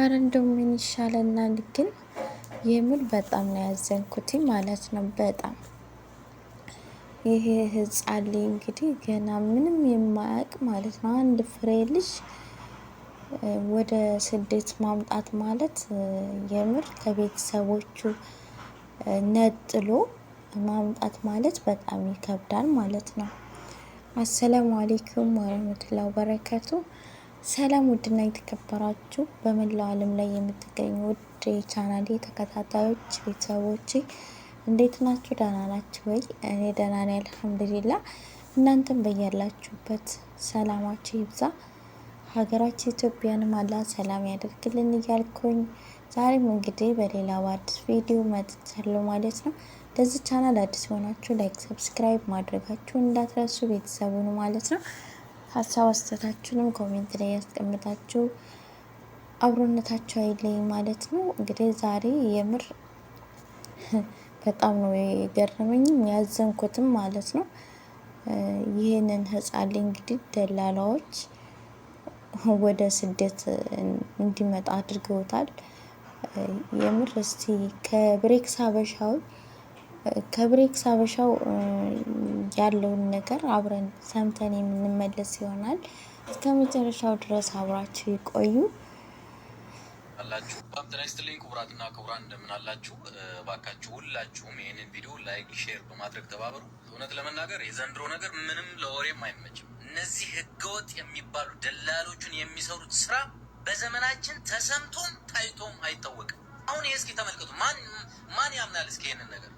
ኧረ እንደው ምን ይሻለናል ግን የምር በጣም ነው ያዘንኩት ማለት ነው። በጣም ይሄ ህጻን ልጅ እንግዲህ ገና ምንም የማያውቅ ማለት ነው አንድ ፍሬ ልጅ ወደ ስደት ማምጣት ማለት የምር ከቤተሰቦቹ ነጥሎ ማምጣት ማለት በጣም ይከብዳል ማለት ነው። አሰላሙ አሌይኩም ወረህመቱላሂ ወበረካቱ ሰላም ውድና የተከበራችሁ በመላው ዓለም ላይ የምትገኙ ውድ የቻናሌ ተከታታዮች ቤተሰቦች እንዴት ናችሁ? ደህና ናችሁ ወይ? እኔ ደህና ነኝ አልሐምዱሊላ። እናንተም በያላችሁበት ሰላማችሁ ይብዛ፣ ሀገራችን ኢትዮጵያንም አላህ ሰላም ያደርግልን እያልኩኝ ዛሬም እንግዲህ በሌላ አዲስ ቪዲዮ መጥቻለሁ ማለት ነው። ለዚህ ቻናል አዲስ የሆናችሁ ላይክ፣ ሰብስክራይብ ማድረጋችሁ እንዳትረሱ ቤተሰቡን ማለት ነው ሀሳብ አስተታችሁንም ኮሜንት ላይ ያስቀምጣችሁ። አብሮነታቸው አይለይ ማለት ነው። እንግዲህ ዛሬ የምር በጣም ነው የገረመኝም ያዘንኩትም ማለት ነው። ይህንን ህጻን እንግዲህ ደላላዎች ወደ ስደት እንዲመጣ አድርገውታል። የምር እስቲ ከብሬክስ ሀበሻዊ ከብሬክስ ሀበሻው ያለውን ነገር አብረን ሰምተን የምንመለስ ይሆናል። እስከ መጨረሻው ድረስ አብራችሁ ይቆዩ። አላችሁ በጣም ጤና ይስጥልኝ። ክቡራትና ክቡራን እንደምን አላችሁ? እባካችሁ ሁላችሁም ይህንን ቪዲዮ ላይክ፣ ሼር በማድረግ ተባበሩ። እውነት ለመናገር የዘንድሮ ነገር ምንም ለወሬም አይመችም። እነዚህ ህገወጥ የሚባሉ ደላሎቹን የሚሰሩት ስራ በዘመናችን ተሰምቶም ታይቶም አይታወቅም። አሁን ይህ እስኪ ተመልከቱ። ማን ማን ያምናል? እስኪ ይህንን ነገር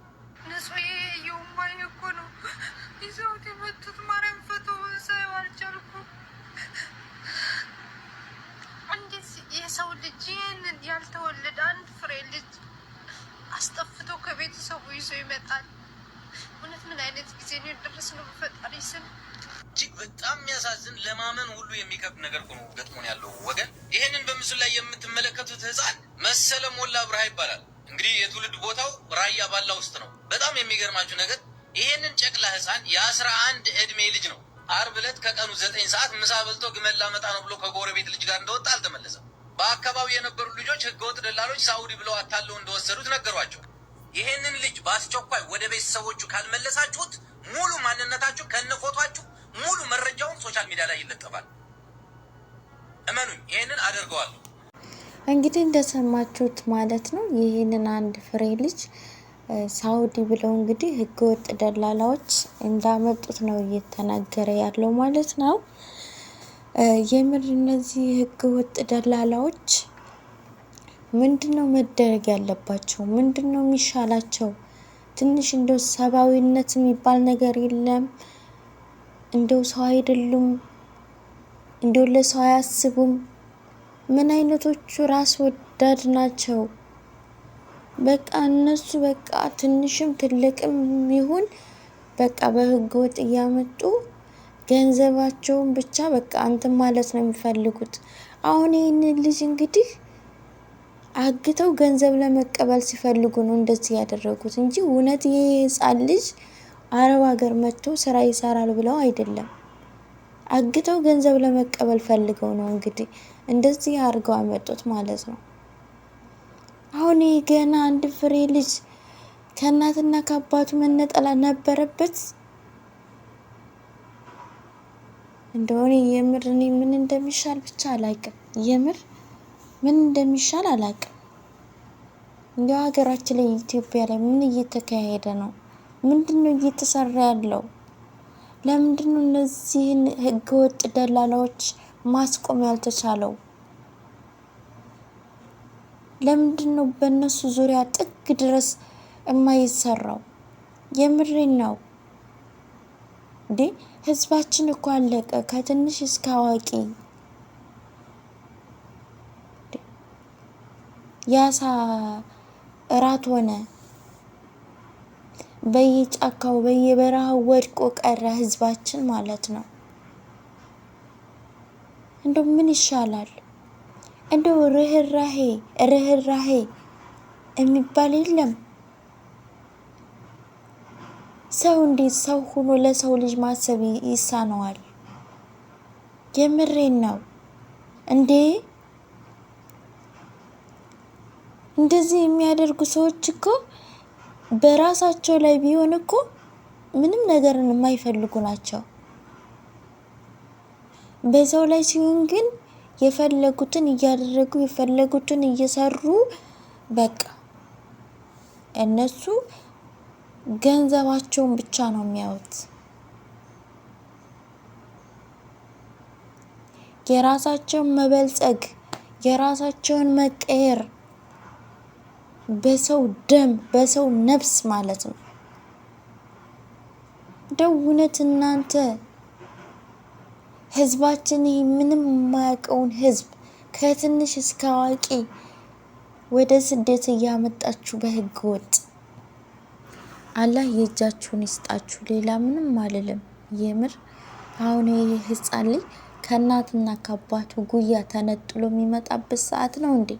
ንጹህ የውማኝ እኮ ነው ይዘውት የመጡት። ማርያም ፈቶውን ሳየው አልቻልኩም። እንዴት የሰው ልጅ ይህንን ያልተወለደ አንድ ፍሬ ልጅ አስጠፍቶ ከቤተሰቡ ይዞ ይመጣል? እውነት ምን አይነት ጊዜ ነው የደረስነው? በፈጣሪ ስም እጅግ በጣም የሚያሳዝን ለማመን ሁሉ የሚከብድ ነገር ሆኖ ገጥሞን ያለው ወገን። ይህንን በምስሉ ላይ የምትመለከቱት ህፃን መሰለ ሞላ ብርሃ ይባላል። እንግዲህ የትውልድ ቦታው ራያ ባላ ውስጥ ነው። በጣም የሚገርማችሁ ነገር ይህንን ጨቅላ ህፃን የአስራ አንድ እድሜ ልጅ ነው። አርብ ዕለት ከቀኑ ዘጠኝ ሰዓት ምሳ በልቶ ግመል ላመጣ ነው ብሎ ከጎረቤት ልጅ ጋር እንደወጣ አልተመለሰም። በአካባቢ የነበሩ ልጆች ህገወጥ ደላሎች ሳውዲ ብለው አታለው እንደወሰዱት ነገሯቸው። ይህንን ልጅ በአስቸኳይ ወደ ቤተሰቦቹ ካልመለሳችሁት ሙሉ ማንነታችሁ ከነፎቷችሁ ሙሉ መረጃውን ሶሻል ሚዲያ ላይ ይለጠፋል። እመኑኝ፣ ይህንን አደርገዋለሁ። እንግዲህ እንደሰማችሁት ማለት ነው። ይህንን አንድ ፍሬ ልጅ ሳውዲ ብለው እንግዲህ ህገ ወጥ ደላላዎች እንዳመጡት ነው እየተናገረ ያለው ማለት ነው። የምር እነዚህ ወጥ ደላላዎች ምንድን ነው መደረግ ያለባቸው? ምንድን ነው የሚሻላቸው? ትንሽ እንደው ሰብአዊነት የሚባል ነገር የለም? እንደው ሰው አይደሉም? እንደው ለሰው አያስቡም? ምን አይነቶቹ ራስ ወዳድ ናቸው? በቃ እነሱ በቃ ትንሽም ትልቅም ይሁን በቃ በህገ ወጥ እያመጡ ገንዘባቸውን ብቻ በቃ እንትን ማለት ነው የሚፈልጉት። አሁን ይህንን ልጅ እንግዲህ አግተው ገንዘብ ለመቀበል ሲፈልጉ ነው እንደዚህ ያደረጉት እንጂ እውነት ይህ ህፃን ልጅ አረብ ሀገር መጥቶ ስራ ይሰራል ብለው አይደለም። አግተው ገንዘብ ለመቀበል ፈልገው ነው እንግዲህ እንደዚህ አድርገው አመጡት ማለት ነው። አሁን ገና አንድ ፍሬ ልጅ ከእናትና ከአባቱ መነጠላ ነበረበት እንደሆነ የምር እኔ ምን እንደሚሻል ብቻ አላቅም። የምር ምን እንደሚሻል አላቅም። እንዲያው ሀገራችን ላይ ኢትዮጵያ ላይ ምን እየተካሄደ ነው? ምንድን ነው እየተሰራ ያለው? ለምንድነው እነዚህን ህገወጥ ደላላዎች ማስቆም ያልተቻለው? ለምንድነው በእነሱ ዙሪያ ጥግ ድረስ የማይሰራው? የምሬን ነው እንዴ! ህዝባችን እኮ አለቀ፣ ከትንሽ እስከ አዋቂ ያሳ እራት ሆነ። በየጫካው በየበረሃው ወድቆ ቀረ ህዝባችን ማለት ነው። እንደው ምን ይሻላል? እንደው ርህራሄ ርህራሄ የሚባል የለም። ሰው እንዴት ሰው ሆኖ ለሰው ልጅ ማሰብ ይሳነዋል? የምሬን ነው እንዴ! እንደዚህ የሚያደርጉ ሰዎች እኮ በራሳቸው ላይ ቢሆን እኮ ምንም ነገርን የማይፈልጉ ናቸው። በሰው ላይ ሲሆን ግን የፈለጉትን እያደረጉ የፈለጉትን እየሰሩ በቃ እነሱ ገንዘባቸውን ብቻ ነው የሚያዩት። የራሳቸውን መበልጸግ የራሳቸውን መቀየር በሰው ደም በሰው ነፍስ ማለት ነው። ደውነት እናንተ ህዝባችን ይህ ምንም የማያውቀውን ህዝብ ከትንሽ እስከ አዋቂ ወደ ስደት እያመጣችሁ በህገ ወጥ አላህ የእጃችሁን ይስጣችሁ። ሌላ ምንም አልልም። የምር አሁን ይህ ህፃን ልጅ ከእናትና ከአባቱ ጉያ ተነጥሎ የሚመጣበት ሰዓት ነው እንዴ?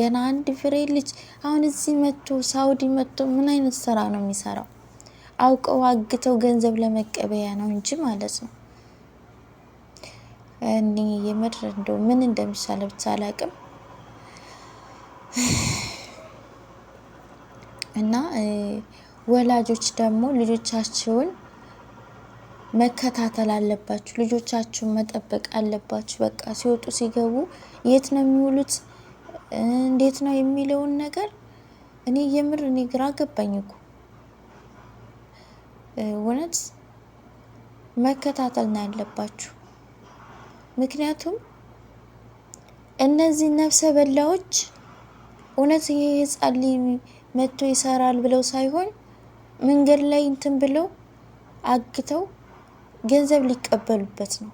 ገና አንድ ፍሬ ልጅ አሁን እዚህ መጥቶ ሳውዲ መጥቶ ምን አይነት ስራ ነው የሚሰራው? አውቀው አግተው ገንዘብ ለመቀበያ ነው እንጂ ማለት ነው። እኔ የምር እንደው ምን እንደሚሻለ ብቻ አላቅም። እና ወላጆች ደግሞ ልጆቻችሁን መከታተል አለባችሁ። ልጆቻችሁን መጠበቅ አለባችሁ። በቃ ሲወጡ ሲገቡ የት ነው የሚውሉት እንዴት ነው የሚለውን ነገር እኔ የምር እኔ ግራ ገባኝ እኮ እውነት መከታተል ነው ያለባችሁ። ምክንያቱም እነዚህ ነፍሰ በላዎች እውነት ይሄ ህጻን መጥቶ ይሰራል ብለው ሳይሆን መንገድ ላይ እንትን ብለው አግተው ገንዘብ ሊቀበሉበት ነው።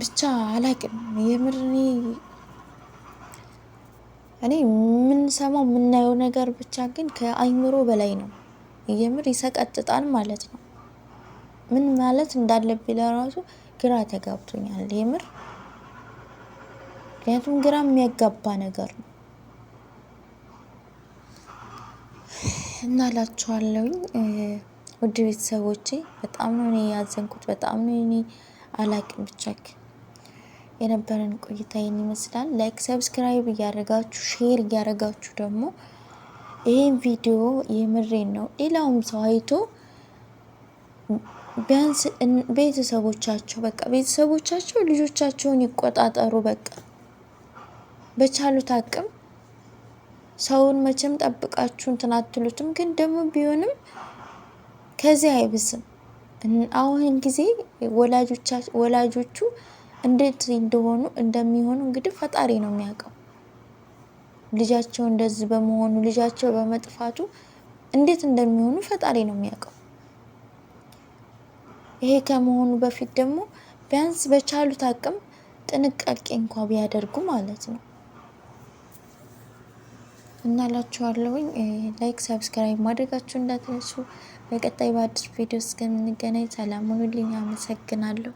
ብቻ አላቅም። የምር እኔ የምንሰማው የምናየው ነገር ብቻ ግን ከአይምሮ በላይ ነው። የምር ይሰቀጥጣል ማለት ነው። ምን ማለት እንዳለብኝ ለራሱ ግራ ተጋብቶኛል የምር ምክንያቱም ግራ የሚያጋባ ነገር ነው እና ላችኋለሁኝ ውድ ቤተሰቦቼ በጣም ነው እኔ ያዘንኩት። በጣም ነው እኔ አላቅም ብቻ የነበረን ቆይታ ይህን ይመስላል። ላይክ፣ ሰብስክራይብ እያደረጋችሁ ሼር እያደረጋችሁ ደግሞ ይህን ቪዲዮ የምሬን ነው ሌላውም ሰው አይቶ ቢያንስ ቤተሰቦቻቸው በቃ ቤተሰቦቻቸው ልጆቻቸውን ይቆጣጠሩ። በቃ በቻሉት አቅም ሰውን መቼም ጠብቃችሁ እንትን አትሉትም፣ ግን ደግሞ ቢሆንም ከዚህ አይብስም። አሁን ጊዜ ወላጆቹ እንዴት እንደሆኑ እንደሚሆኑ እንግዲህ ፈጣሪ ነው የሚያውቀው። ልጃቸው እንደዚህ በመሆኑ ልጃቸው በመጥፋቱ እንዴት እንደሚሆኑ ፈጣሪ ነው የሚያውቀው። ይሄ ከመሆኑ በፊት ደግሞ ቢያንስ በቻሉት አቅም ጥንቃቄ እንኳ ቢያደርጉ ማለት ነው። እና ላችኋለሁኝ ላይክ፣ ሰብስክራይብ ማድረጋችሁ እንዳትነሱ። በቀጣይ በአዲስ ቪዲዮ እስከምንገናኝ ሰላም ሁኑልኝ። አመሰግናለሁ።